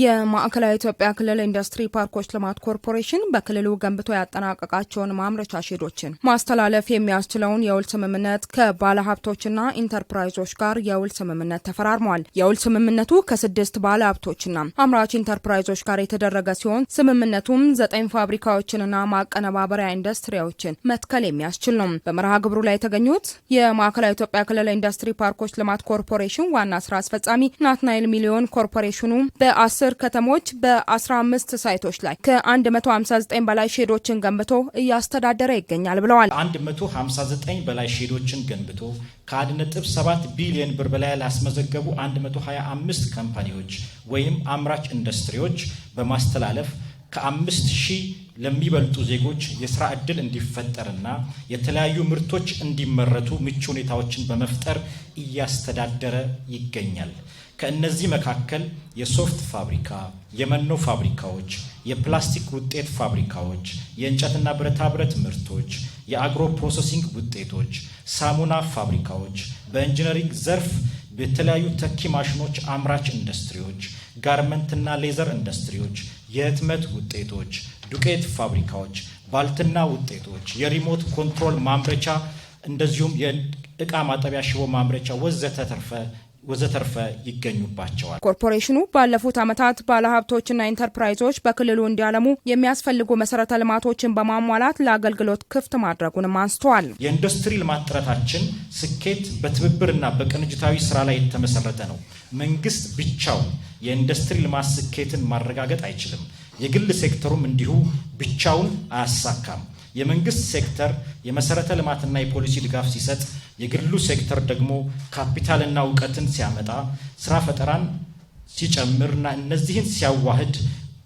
የማዕከላዊ ኢትዮጵያ ክልል ኢንዱስትሪ ፓርኮች ልማት ኮርፖሬሽን በክልሉ ገንብቶ ያጠናቀቃቸውን ማምረቻ ሼዶችን ማስተላለፍ የሚያስችለውን የውል ስምምነት ከባለሀብቶችና ኢንተርፕራይዞች ጋር የውል ስምምነት ተፈራርሟል። የውል ስምምነቱ ከስድስት ባለሀብቶችና አምራች ኢንተርፕራይዞች ጋር የተደረገ ሲሆን ስምምነቱም ዘጠኝ ፋብሪካዎችንና ማቀነባበሪያ ኢንዱስትሪዎችን መትከል የሚያስችል ነው። በመርሃ ግብሩ ላይ የተገኙት የማዕከላዊ ኢትዮጵያ ክልል ኢንዱስትሪ ፓርኮች ልማት ኮርፖሬሽን ዋና ስራ አስፈጻሚ ናትናኤል ሚሊዮን ኮርፖሬሽኑ በአስ አስር ከተሞች በ15 ሳይቶች ላይ ከ159 በላይ ሼዶችን ገንብቶ እያስተዳደረ ይገኛል ብለዋል። 159 በላይ ሼዶችን ገንብቶ ከ1.7 ቢሊዮን ብር በላይ ላስመዘገቡ 125 ካምፓኒዎች ወይም አምራች ኢንዱስትሪዎች በማስተላለፍ ከ ሺህ ለሚበልጡ ዜጎች የስራ ዕድል እንዲፈጠርና የተለያዩ ምርቶች እንዲመረቱ ምቹ ሁኔታዎችን በመፍጠር እያስተዳደረ ይገኛል። ከእነዚህ መካከል የሶፍት ፋብሪካ፣ የመኖ ፋብሪካዎች፣ የፕላስቲክ ውጤት ፋብሪካዎች፣ የእንጨትና ብረታ ብረት ምርቶች፣ የአግሮ ፕሮሰሲንግ ውጤቶች፣ ሳሙና ፋብሪካዎች፣ በኢንጂነሪንግ ዘርፍ በተለያዩ ተኪ ማሽኖች አምራች ኢንዱስትሪዎች፣ ጋርመንትና ሌዘር ኢንዱስትሪዎች፣ የህትመት ውጤቶች፣ ዱቄት ፋብሪካዎች፣ ባልትና ውጤቶች፣ የሪሞት ኮንትሮል ማምረቻ እንደዚሁም የእቃ ማጠቢያ ሽቦ ማምረቻ ተርፈ ወዘተርፈ ይገኙባቸዋል። ኮርፖሬሽኑ ባለፉት ዓመታት ባለሀብቶችና ኢንተርፕራይዞች በክልሉ እንዲያለሙ የሚያስፈልጉ መሰረተ ልማቶችን በማሟላት ለአገልግሎት ክፍት ማድረጉንም አንስተዋል። የኢንዱስትሪ ልማት ጥረታችን ስኬት በትብብርና በቅንጅታዊ ስራ ላይ የተመሰረተ ነው። መንግስት ብቻውን የኢንዱስትሪ ልማት ስኬትን ማረጋገጥ አይችልም። የግል ሴክተሩም እንዲሁ ብቻውን አያሳካም። የመንግስት ሴክተር የመሰረተ ልማትና የፖሊሲ ድጋፍ ሲሰጥ የግሉ ሴክተር ደግሞ ካፒታልና እውቀትን ሲያመጣ ስራ ፈጠራን ሲጨምርና እነዚህን ሲያዋህድ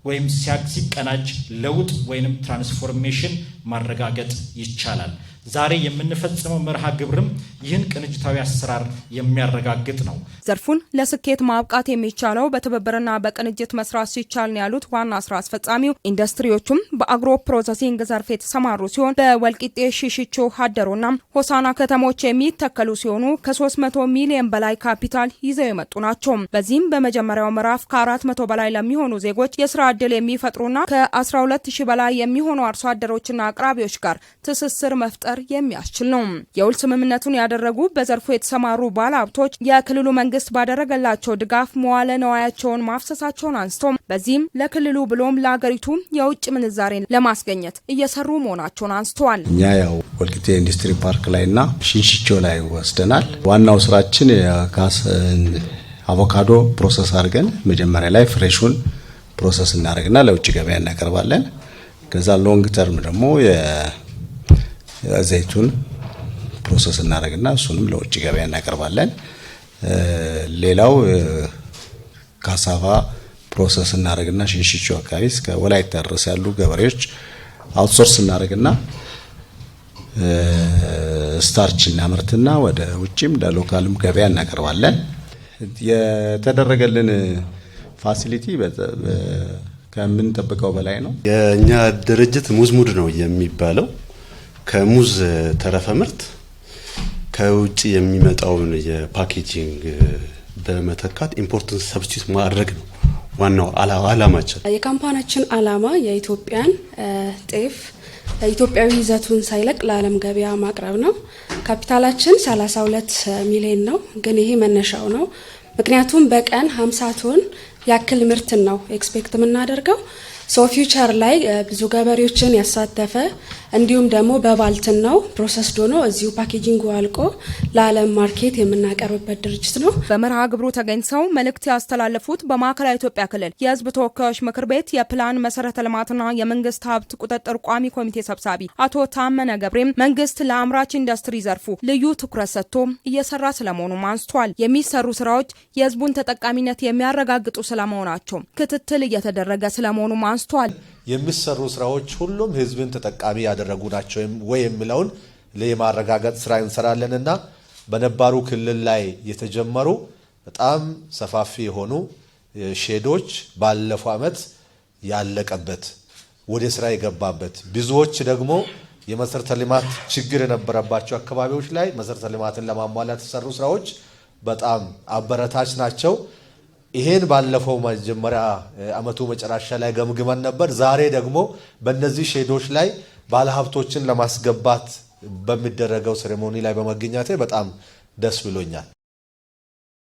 ወይም ሲቀናጅ ለውጥ ወይም ትራንስፎርሜሽን ማረጋገጥ ይቻላል። ዛሬ የምንፈጽመው መርሃ ግብርም ይህን ቅንጅታዊ አሰራር የሚያረጋግጥ ነው። ዘርፉን ለስኬት ማብቃት የሚቻለው በትብብርና በቅንጅት መስራት ሲቻል ነው ያሉት ዋና ስራ አስፈጻሚው፣ ኢንዱስትሪዎቹም በአግሮ ፕሮሰሲንግ ዘርፍ የተሰማሩ ሲሆን በወልቂጤ ሽሽቾ፣ ሀደሮና ሆሳና ከተሞች የሚተከሉ ሲሆኑ ከ300 ሚሊዮን በላይ ካፒታል ይዘው የመጡ ናቸው። በዚህም በመጀመሪያው ምዕራፍ ከ400 በላይ ለሚሆኑ ዜጎች የስራ እድል የሚፈጥሩና ከ ሺ በላይ የሚሆኑ አርሶ አደሮችና አቅራቢዎች ጋር ትስስር መፍጠር የሚያስችል ነው። የውል ስምምነቱን ያደረጉ በዘርፉ የተሰማሩ ባለሀብቶች የክልሉ መንግስት ባደረገላቸው ድጋፍ መዋለ ነዋያቸውን ማፍሰሳቸውን አንስቶም በዚህም ለክልሉ ብሎም ለሀገሪቱ የውጭ ምንዛሬን ለማስገኘት እየሰሩ መሆናቸውን አንስተዋል። እኛ ያው ወልቂጤ ኢንዱስትሪ ፓርክ ላይና ሽንሽቾ ላይ ወስደናል። ዋናው ስራችን የካስ አቮካዶ ፕሮሰስ አድርገን መጀመሪያ ላይ ፍሬሹን ፕሮሰስ እናደርግና ለውጭ ገበያ እናቀርባለን። ከዛ ሎንግ ተርም ደግሞ ዘይቱን ፕሮሰስ እናደርግና እሱንም ለውጭ ገበያ እናቀርባለን። ሌላው ካሳቫ ፕሮሰስ እናደርግና ሽንሽቹ አካባቢ እስከ ወላይታ ድረስ ያሉ ገበሬዎች አውትሶርስ እናደርግና ስታርች እናመርትና ወደ ውጭም ለሎካልም ገበያ እናቀርባለን። የተደረገልን ፋሲሊቲ ከምንጠብቀው በላይ ነው። የእኛ ድርጅት ሙዝ ሙድ ነው የሚባለው። ከሙዝ ተረፈ ምርት ከውጭ የሚመጣውን የፓኬጂንግ በመተካት ኢምፖርትን ሰብስቲት ማድረግ ነው ዋናው አላማችን። የካምፓናችን አላማ የኢትዮጵያን ጤፍ ኢትዮጵያዊ ይዘቱን ሳይለቅ ለዓለም ገበያ ማቅረብ ነው። ካፒታላችን 32 ሚሊዮን ነው፣ ግን ይሄ መነሻው ነው። ምክንያቱም በቀን 50 ቶን ያክል ምርትን ነው ኤክስፔክት የምናደርገው። ሶ ፊውቸር ላይ uh, ብዙ ገበሬዎችን ያሳተፈ እንዲሁም ደግሞ በባልትን ነው ፕሮሰስ ዶኖ እዚሁ ፓኬጂንግ አልቆ ለዓለም ማርኬት የምናቀርብበት ድርጅት ነው። በመርሃ ግብሩ ተገኝተው መልእክት ያስተላለፉት በማዕከላዊ ኢትዮጵያ ክልል የህዝብ ተወካዮች ምክር ቤት የፕላን መሰረተ ልማትና የመንግስት ሀብት ቁጥጥር ቋሚ ኮሚቴ ሰብሳቢ አቶ ታመነ ገብሬም መንግስት ለአምራች ኢንዱስትሪ ዘርፉ ልዩ ትኩረት ሰጥቶ እየሰራ ስለመሆኑም አንስቷል። የሚሰሩ ስራዎች የህዝቡን ተጠቃሚነት የሚያረጋግጡ ስለመሆናቸው ክትትል እየተደረገ ስለመሆኑም አንስቷል። የሚሰሩ ስራዎች ሁሉም ህዝብን ተጠቃሚ ያደረጉ ናቸው ወይ የሚለውን ለማረጋገጥ ስራ እንሰራለን እና በነባሩ ክልል ላይ የተጀመሩ በጣም ሰፋፊ የሆኑ ሼዶች ባለፈው ዓመት ያለቀበት ወደ ስራ የገባበት ብዙዎች ደግሞ የመሰረተ ልማት ችግር የነበረባቸው አካባቢዎች ላይ መሰረተ ልማትን ለማሟላት የተሰሩ ስራዎች በጣም አበረታች ናቸው። ይሄን ባለፈው መጀመሪያ አመቱ መጨረሻ ላይ ገምግመን ነበር። ዛሬ ደግሞ በእነዚህ ሼዶች ላይ ባለሀብቶችን ለማስገባት በሚደረገው ሴሬሞኒ ላይ በመገኘቴ በጣም ደስ ብሎኛል።